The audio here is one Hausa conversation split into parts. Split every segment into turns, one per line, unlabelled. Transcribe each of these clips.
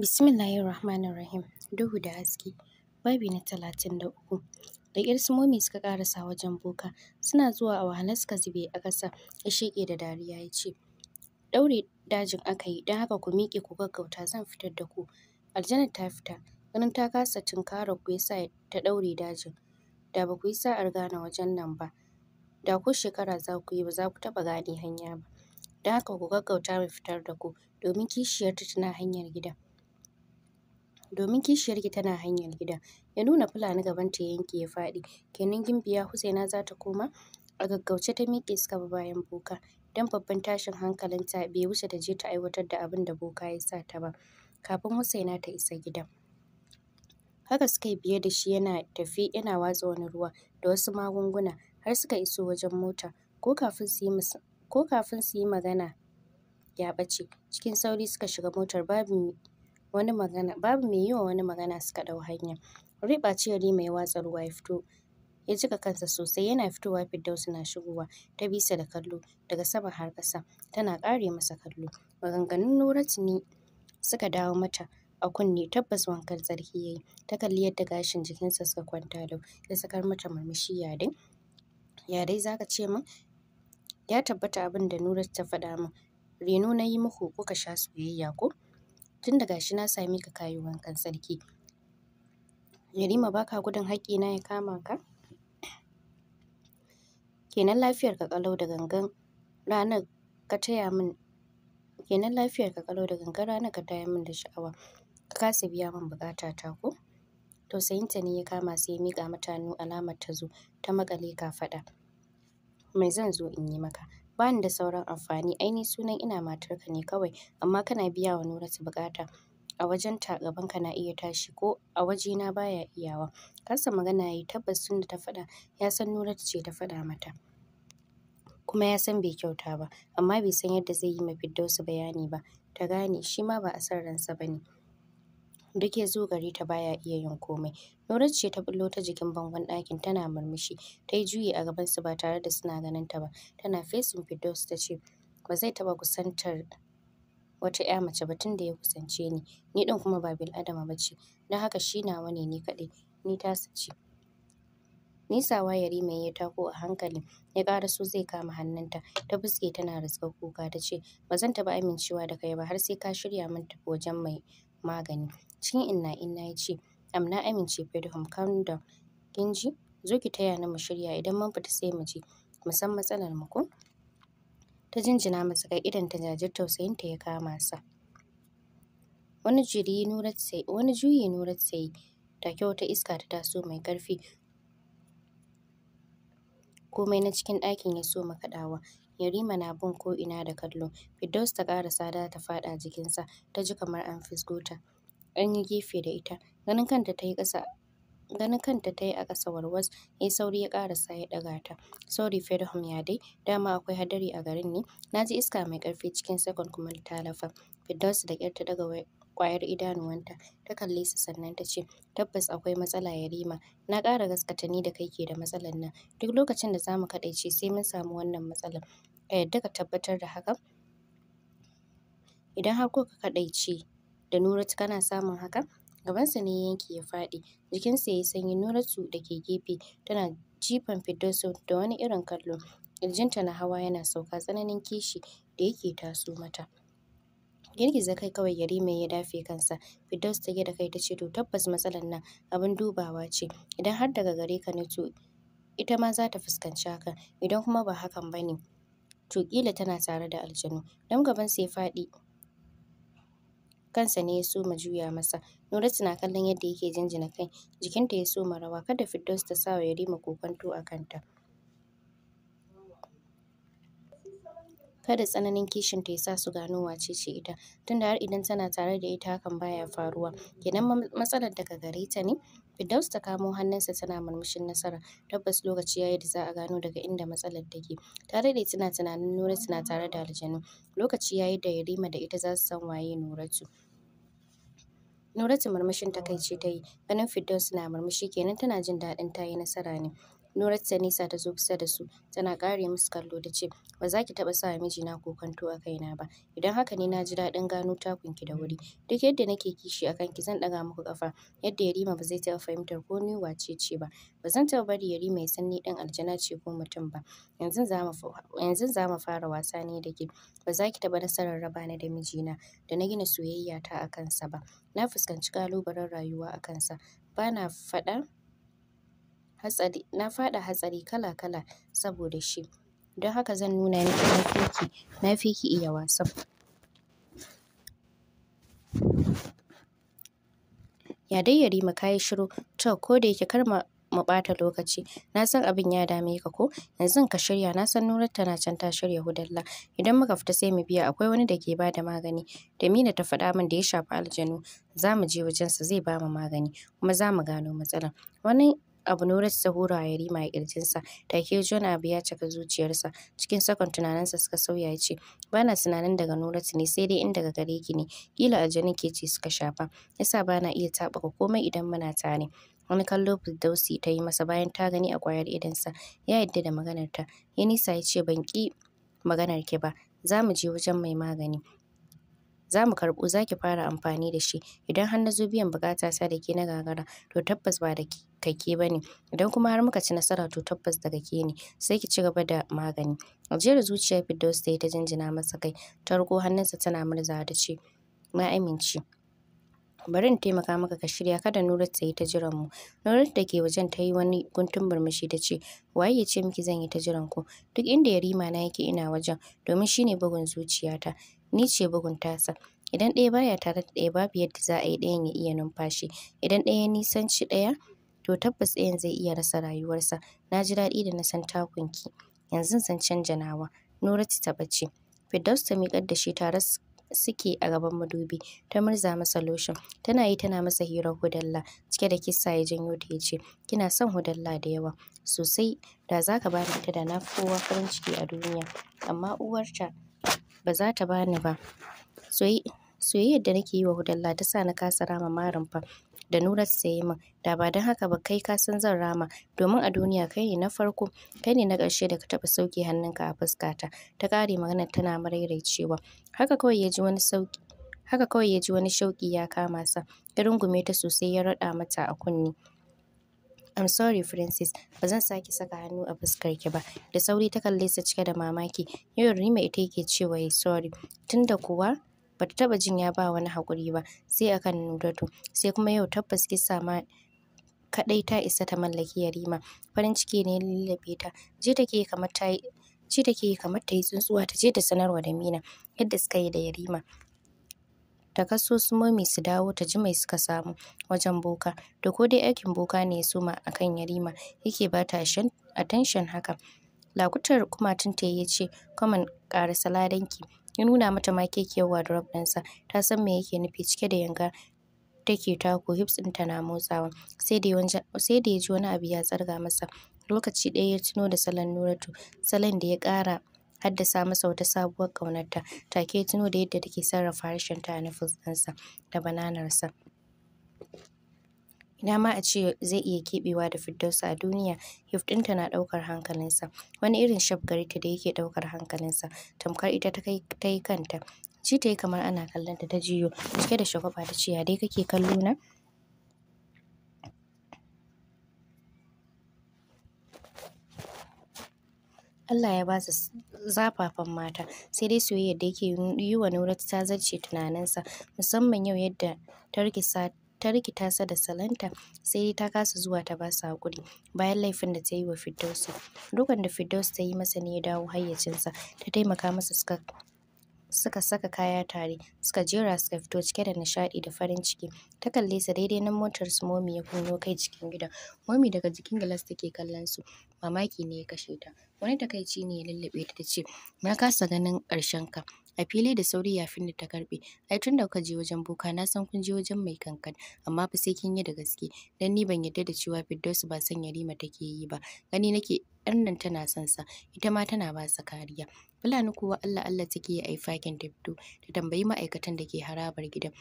rahim, Duhu da haske. Babi na talatin da uku. Da ƙyar sumomi suka ƙarasa wajen boka. Suna zuwa a wahalar suka zube a ƙasa. Ya sheƙe da dariya ya ce, Ɗaure dajin aka yi, don haka ku miƙe ku gaggauta zan fitar da ku. Aljanar ta fita. Ganin ta kasa tunkarar ku ya ta ɗaure dajin. Da ba ku yi sa'ar gane wajen nan ba. Da ko shekara za ku yi ba za ku taɓa gane hanya ba. Don haka ku gaggauta mu fitar da ku, domin kishiyarta tana hanyar gida. domin kishiyarki tana hanyar gida. Ya nuna Fulani gabanta ya yanke ya faɗi. Kenan Gimbiya Husaina za ta koma? A gaggauce ta miƙe suka ba bayan Boka. Don babban tashin hankalinta bai wuce ta je ta aiwatar da abin da Boka ya sa ta ba. Kafin Husaina ta isa gidan. Haka suka yi biye da shi yana tafi yana watsa wani ruwa da wasu magunguna har suka iso wajen mota. Ko kafin su yi ko kafin su yi magana ya ɓace. Cikin sauri suka shiga motar babu wani magana babu mai yi wani magana suka ɗau hanya. Riɓa ce Yarima mai watsa ruwa ya fito ya jika kansa sosai yana fitowa firdaus na shigowa ta bisa da kallo daga sama har ƙasa tana ƙare masa kallo. Maganganun Nura ne suka dawo mata a kunne tabbas wankan tsarki ya yi ta kalli yadda gashin jikinsa suka kwanta lau ya sakar mata murmushi ya dai za ka ce min ya tabbata abin da Nura ta faɗa min reno na yi muku kuka sha soyayya ko tun da gashi na same ka kayi wankan sarki yarima baka gudun na ya kama ka kenan lafiyar ka ƙalau da gangan ranar ka taya min kenan lafiyar ka ƙalau da gangan ranar ka taya min da sha'awa ka kasa biya min buƙata ta ko tausayinta ne ya kama sai ya miƙa mata hannu alamar ta zo ta maƙale faɗa. mai zan zo in yi maka bani da sauran amfani, ai ni sunan ina matarka ne kawai, amma kana biya wa Nuratu buƙata. A wajenta gabanka na iya tashi ko a wajena baya iyawa. Kasa magana yayi tabbas da ta faɗa, ya san Nuratu ce ta faɗa mata. Kuma ya san bai kyauta ba, amma bai san yadda zai yi ma Firdausu bayani ba. Ta gane shi ma ba a san ransa ba ne. Duk ya zo gare ta baya iya yin komai. Nuratu ce ta bullo ta jikin bangon ɗakin tana murmushi. Ta yi juyi a gaban su ba tare da suna ganin ta ba. Tana fesin Fidos ta ce, ba zai taɓa kusantar wata ‘ya mace ba tun da ya kusance ni. Ni ɗin kuma ba bil adama ba ce. Don haka shi nawa ne ni kaɗai. Ni tasa ce. Nisawa mai ya tako a hankali ya su zai kama hannunta ta buske tana rizgar kuka ta ce ba zan taɓa amincewa da kai ba har sai ka shirya min wajen mai magani cikin inna-inna ya ce, Am na amince Freedom, calm down. Kin Zo ki taya ni mu shirya idan mun fita sai mu je, mu san matsalar mu ko? Ta jinjina masa kai idan ta tausayin ta ya kama sa. Wani juyi Nurat sai, wani juyi Nurat sai, ta wata iska ta taso mai karfi Komai na cikin ɗakin ya so makaɗawa. Yarima na bin ko'ina da kallo. Firdaus ta ƙarasa da ta faɗa jikinsa, ta ji kamar an fisgo ta. an yi gefe da ita. Ganin kanta ta yi ƙasa ganin kanta ta a ƙasa warwas ya sauri ya ƙarasa ya ɗaga ta sorry Fedham ya dai dama akwai hadari a garin ne na ji iska mai ƙarfi cikin sakon kuma ta lafa da ƙyar ta daga kwayar idanuwanta ta kalle su sannan ta ce tabbas akwai matsala Yarima na ƙara gaskata ni da kai ke da matsalan nan duk lokacin da za mu kaɗaice sai mun samu wannan matsalar ka yadda ka tabbatar da hakan idan har kuka kaɗaice da Nuratu kana samun haka? Gabansa ne ya yanke ya faɗi. Jikinsa ya yi sanyi. Nuratu da ke gefe tana jifan Firdausu da wani irin kallo. Ƙirjinta na hawa yana sauka tsananin kishi da yake taso mata. Girgiza kai kawai Yarima ya dafe kansa. Firdaus ta da kai tace to tabbas matsalar nan abin dubawa ce. Idan har daga gare ka ne to ita ma za ta fuskanci hakan. Idan kuma ba hakan ba ne to ƙila tana tare da aljanu. Dan gabansa ya faɗi kansa ne ya soma juya masa. Nuratu na kallon yadda yake jinjina kai, jikinta ya soma rawa, kada Firdaus ta sa wa Yarima kokwanto a kanta. Kada tsananin kishin ta ya sa su gano wace ce ita, tunda har idan tana tare da ita hakan baya faruwa, kenan matsalar daga gare ta ne? Firdaus ta kamo hannunsa tana murmushin nasara. Tabbas lokaci ya yi da za a gano daga inda matsalar take. Ta daɗe tana tunanin Nura na tare da aljanu. Lokaci ya yi da Yarima da ita za su san waye Nuratu. Nuratu murmushin takaici ta yi, ganin Firdaus na murmushi kenan tana jin daɗin ta yi nasara ne. Nurat Sanisa ta zo kusa da su tana kare musu kallo da ce ba za ki taɓa sa mijina kokanto a kaina ba idan haka ne na ji daɗin gano takunki da wuri duk yadda nake kishi a kanki zan ɗaga muku ƙafa yadda Yarima ba zai taɓa fahimtar ko ni wace ce ba ba zan taɓa bari Yarima ya san ni ɗin aljana ce ko mutum ba yanzu za mu fara wasa ne da ke ba za ki taɓa nasarar raba ni da mijina da na gina soyayya ta a kansa ba na fuskanci ƙalubalen rayuwa a kansa bana na faɗa hatsari na faɗa hatsari kala-kala saboda shi don haka zan nuna miki na fi na fi ki iya wasan ya dai Yarima ka yi shiru to ko da yake kar mu ɓata lokaci na san abin ya dame ka ko yanzu ka shirya na san Nurat tana can ta shirya hudalla idan muka fita sai mu biya akwai wani da ke bada magani da Mina ta faɗa min da ya shafi aljanu za mu je wajensa zai bamu magani kuma za mu gano matsalar wani abu Nuratu ta hura wa Yarima kirjinsa ƙirjinsa. Take John abu ya cika zuciyarsa. Cikin sakon tunaninsa suka sauya ya ce, ba na tunanin daga Nuratu ne sai dai in daga gare ki ne. Kila aljanin ke ce suka shafa. Yasa ba na iya taɓuka komai idan muna tare. Wani kallo Firdausi ta yi masa bayan ta gani a kwayar idonsa. Ya yadda da maganarta. Ya nisa ya ce, ban ƙi maganar ki ba. Za mu je wajen mai magani. za mu karɓo zaki fara amfani da shi idan har na biyan buƙata sa da ke na gagara to tabbas ba da kake ba ne idan kuma har muka ci nasara to tabbas daga ke ne sai ki ci gaba da magani da zuciya Firdaus ta yi ta jinjina masa kai ta riƙo hannunsa tana murzawa da ce na amince bari in taimaka maka ka shirya kada Nurat ta yi ta jiran mu Nurat da ke wajen ta yi wani guntun murmushi ta ce waye ya ce miki zan yi ta jiran ku duk inda yarima na yake ina wajen domin shine bugun zuciyata ni ce bugun tasa idan ɗaya baya tare da ɗaya babu yadda za a yi ɗayan ya iya numfashi idan ɗaya nisanci ɗaya to tabbas ɗayan zai iya rasa rayuwarsa na ji daɗi da na san takunki yanzu zan canja nawa Nuratu ta bace Firdaus ta miƙar da shi ta rasa suke a gaban madubi ta murza masa lotion tana yi tana masa hirar hudalla cike da kisa ya janyo ta yace kina son hudalla da yawa sosai da zaka bani ita da na kowa farin ciki a duniya amma uwarta ba za ta bani ba soyayyar da nake yi wa hudalla ta sa na kasa rama marin fa da Nurat ta min da ba don haka ba kai ka san zan rama domin a duniya kai ne na farko kai ne na ƙarshe da ka taɓa sauke hannunka a fuskata ta ƙare magana tana cewa haka kawai ya ji wani sauƙi haka kawai ya ji wani shauƙi ya kama sa ya rungume ta sosai ya raɗa mata a kunne I'm sorry Francis, ba zan sake saka hannu a fuskar ki ba. Da sauri ta kalle sa cike da mamaki. Yau Rima ita yake cewa sorry. Tunda kuwa bata taɓa jin ya ba wani haƙuri ba sai akan Nuratu sai kuma yau tabbas kisa ma kaɗai ta isa ta mallaki Yarima farin ciki ne ya lullube ta je take kamar ta yi take kamar ta yi tsuntsuwa ta je ta sanarwa da Mina yadda suka yi da Yarima ta kaso su momi su dawo ta ji mai suka samu wajen boka da ko dai aikin boka ne ya soma kan Yarima yake ba ta attention haka lakutar kuma tun ta ya ce kwaman ƙara saladanki ya nuna mata makekiyar wardrobe ɗinsa ta san me yake nufi cike da yanga take tako hips ɗinta na motsawa sai da sai da ya ji wani abu ya tsarga masa lokaci ɗaya ya tuno da salon Nuratu salon da ya ƙara haddasa masa wata sabuwar ƙaunarta take ya tuno da yadda take sarrafa harshenta a nufin ɗinsa da bananarsa Ina ma a ce zai iya keɓewa da firdausa a duniya, Yuf na ɗaukar hankalinsa, wani irin shaf da yake ɗaukar hankalinsa, tamkar ita ta yi kanta. Ji ta yi kamar ana kallonta ta jiyo, cike da shagwaɓa ta ce, ya dai kake kallo na? Allah ya ba su zafafan mata, sai dai soyayyar da yake yi wa Nuratu ta zarce tunaninsa, musamman yau yadda ta rikisa ta rikita sa da salanta sai dai ta kasa zuwa ta ba su haƙuri bayan laifin da ta yi wa Firdausi. Dukan da Firdausi ta yi masa ne ya dawo hayyacinsa ta taimaka masa suka suka saka kaya tare suka jera suka fito cike da nishaɗi da farin ciki ta kalle sa daidai nan motar su momi ya kunno kai cikin gida momi daga jikin gilas take kallon su mamaki ne ya kashe ta wani takaici ne ya lullube ta tace na kasa ganin ƙarshen ka A fili da sauri yafin da ta karɓe. Ai tun da kuka je wajen boka na san kun je wajen mai kankan amma fa sai kin yi da gaske dan ni ban yarda da cewa Firdausu ba san Yarima take yi ba. Gani nake ɗan nan tana son sa ita ma tana ba sa kariya. Fulani kuwa Allah Allah take yi a fakin ta fito ta tambayi ma'aikatan da ke harabar gidan.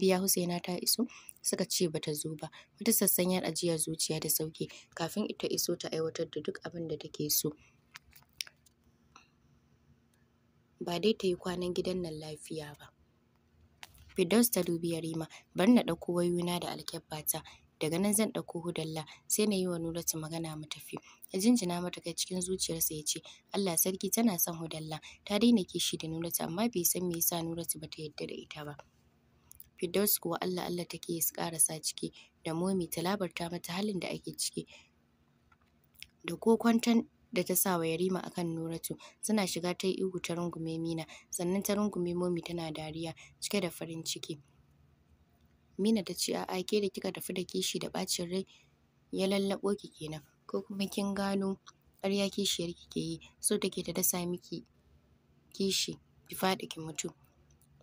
biya Husaina ta iso suka ce bata zo ba. Wata sassanyar ajiya zuciya da sauke kafin ita iso ta aiwatar da duk abin da take so. ba dai ta yi kwanan gidan nan lafiya ba. Firdaus ta dubi Yarima, bari na ɗauko wayoyina da alkyabbata. Daga nan zan ɗauko hudalla, sai na yi wa Nuratu magana mu tafi. Ya jinjina mata kai cikin zuciyarsa ya ce, Allah sarki tana son hudalla, ta daina kishi da Nuratu amma bai san me yasa Nuratu ba ta yarda da ita ba. Firdaus kuwa Allah Allah take su sa ciki da momi ta labarta mata halin da ake ciki. Da ko kwantan da ta sa wa Yarima a kan Nuratu. Suna shiga ta yi ihu ta rungume Mina, sannan ta rungume Momi tana dariya cike da farin ciki. Mina ta ce a'a ke da kika tafi da kishi da ɓacin rai ya lallaɓo ki kenan ko kuma kin gano ƙarya kishiyar ki ke yi so take ta dasa miki kishi ki faɗi ki mutu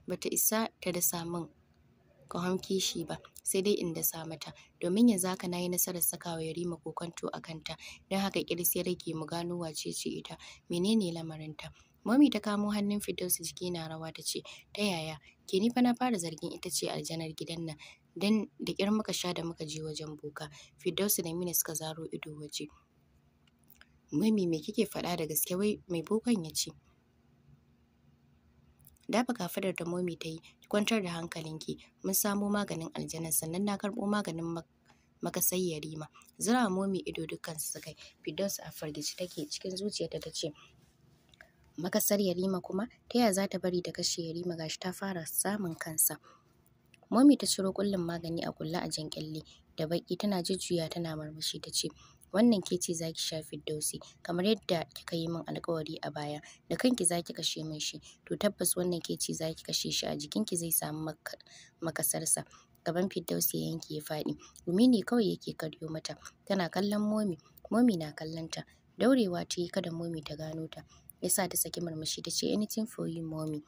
bata isa ta dasa min ƙahon kishi ba sai dai inda sa mata domin yanzu haka na yi nasarar sakawa Yarima kokonto a kanta don haka ƙiris ya rage mu gano wace ce ita menene lamarinta Mami ta kamo hannun Firdausu jiki na rawa ta ce, Ta yaya, ke ni fa na fara zargin ita ce aljanar gidan nan, Dan da ƙyar muka sha da muka je wajen boka. Firdausu da Mina suka zaro ido waje. Mami me kike faɗa da gaske wai mai bokan ya ce? Dafa kafadar da momi ta yi, ki kwantar da hankalinki, mun samo maganin aljanar sannan na karɓo maganin makasai yarima. Zira momi ido dukkan su kai Firdausu a fargici take cikin zuciyarta ta ce, Makasar yarima kuma ta yaya za ta bari da kashe yarima gashi ta fara samun kansa. Momi ta ciro kullun magani a kulle a jan kyalle da baki tana jujjuya tana murmushi ta ce, wannan ke ce za ki sha fiddausi? kamar yadda kika yi min alƙawari a baya da kanki za ki kashe min shi to tabbas wannan ke ce za ki kashe shi a jikin ki zai samu makasarsa gaban Firdausi ya yanke ya faɗi gumi ne kawai yake karyo mata tana kallon momi momi na kallon ta daurewa ta yi kada momi ta gano ta yasa ta saki murmushi ta ce anything for you momi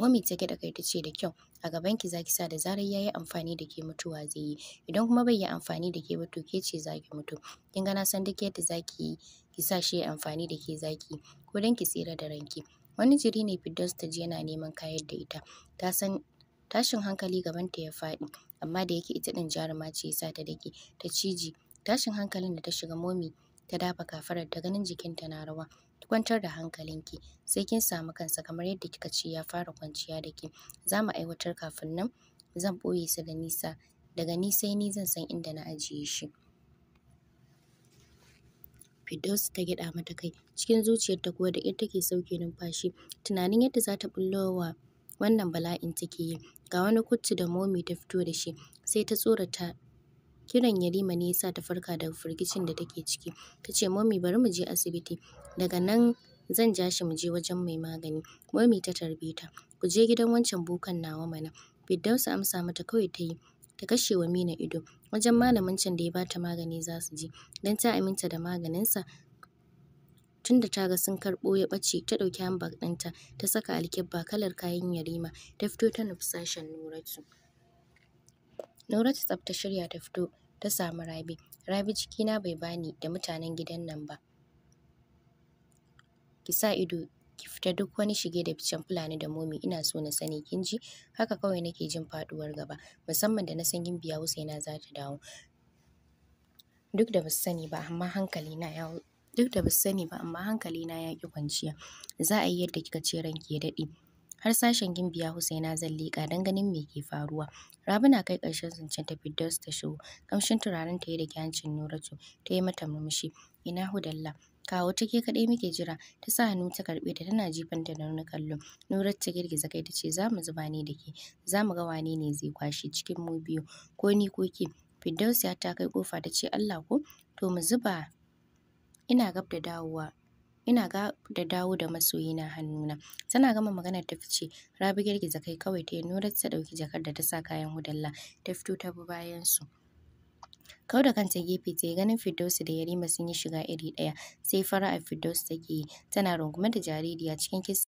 Momi ta gyaɗa kai ta ce da kyau, a gaban ki zaki sa da zarar yayi amfani da ke mutuwa zai yi. Idan kuma bai yi amfani da ke ba to ke ce zaki mutu. Kin ga na san duk yadda zaki yi ki sa shi ya amfani da ke zaki ko dan ki tsira da ranki. Wani jiri ne fiddos ta ji yana neman kayar da ita. Ta san tashin hankali gabanta ya faɗi amma da yake ita ɗin jaruma ce ya ta dake ta ciji. Tashin hankalin da ta shiga Momi ta dafa kafarar ta ganin jikinta na rawa. kwantar da hankalinki sai kin samu kansa kamar yadda kika ce ya fara kwanciya da ke za mu aiwatar kafin nan zan ɓoye su da nisa daga ni sai ni zan san inda na ajiye shi Firdausu ta gyaɗa mata kai cikin zuciyarta kuwa da ita take sauke numfashi tunanin yadda za ta ɓullo wa wannan bala'in take yi ga wani kutu da momi ta fito da shi sai ta tsorata Kiran Yarima ne ya sa ta farka daga firgicin da take ciki. Ta ce, bari mu je asibiti. Daga nan zan ja shi mu je wajen mai magani." Momi ta tarbe ta. "Ku je gidan wancan bukan nawa mana." fiddausa amsa mata kawai ta yi. Ta kashe wa Mina ido. Wajen malamin can da ya bata magani za su je, don ta aminta da maganinsa. Tun da ta ga sun karɓo ya ɓace, ta ɗauki hanbag ɗinta, ta saka alkibba kalar kayan Yarima, ta fito ta nufsashen Nuratu. Nauratu ta ta shirya ta fito ta samu Rabi. Rabi cikina bai bani da mutanen gidan nan ba. Ki sa ido ki fita duk wani shige da ficen fulani da momi ina so na sani kin ji haka kawai nake jin faduwar gaba musamman da na san yin gimbiya Husaina za ta dawo. Duk da basu sani ba amma hankali na ya duk da sani ba amma hankali na ya ki kwanciya. Za a yi yadda kika ce ranki ya daɗe. har sashen gimbiya Husaina zan don ganin me ke faruwa. Rabi na kai ƙarshen zancen ta ta shigo. Kamshin turaren ta yi da kyancin, Nuratu ta yi mata murmushi. Ina Hudalla. Kawo ta ke kaɗai muke jira, ta sa hannu ta karɓe ta tana jifan ta da wani kallo. Nurar ta girgiza kai ta ce za mu zuba ni da ke, za mu ga wane ne zai kwashe cikin mu biyu, ko ni ko ke. ya ta kai kofa ta ce Allah ko, to mu zuba ina gab da dawowa ina ga da dawo da masoyina hannuna tana gama maganar ta fice rabi girgiza kai kawai ta yi nurar ta ɗauki jakar da ta sa kayan hudalla ta fito ta bi bayan su kau da kanta gefe ta yi ganin Firdausi da Yarima sun yi shiga iri ɗaya sai a Firdausi take yi tana rungume da jaririya cikin kisa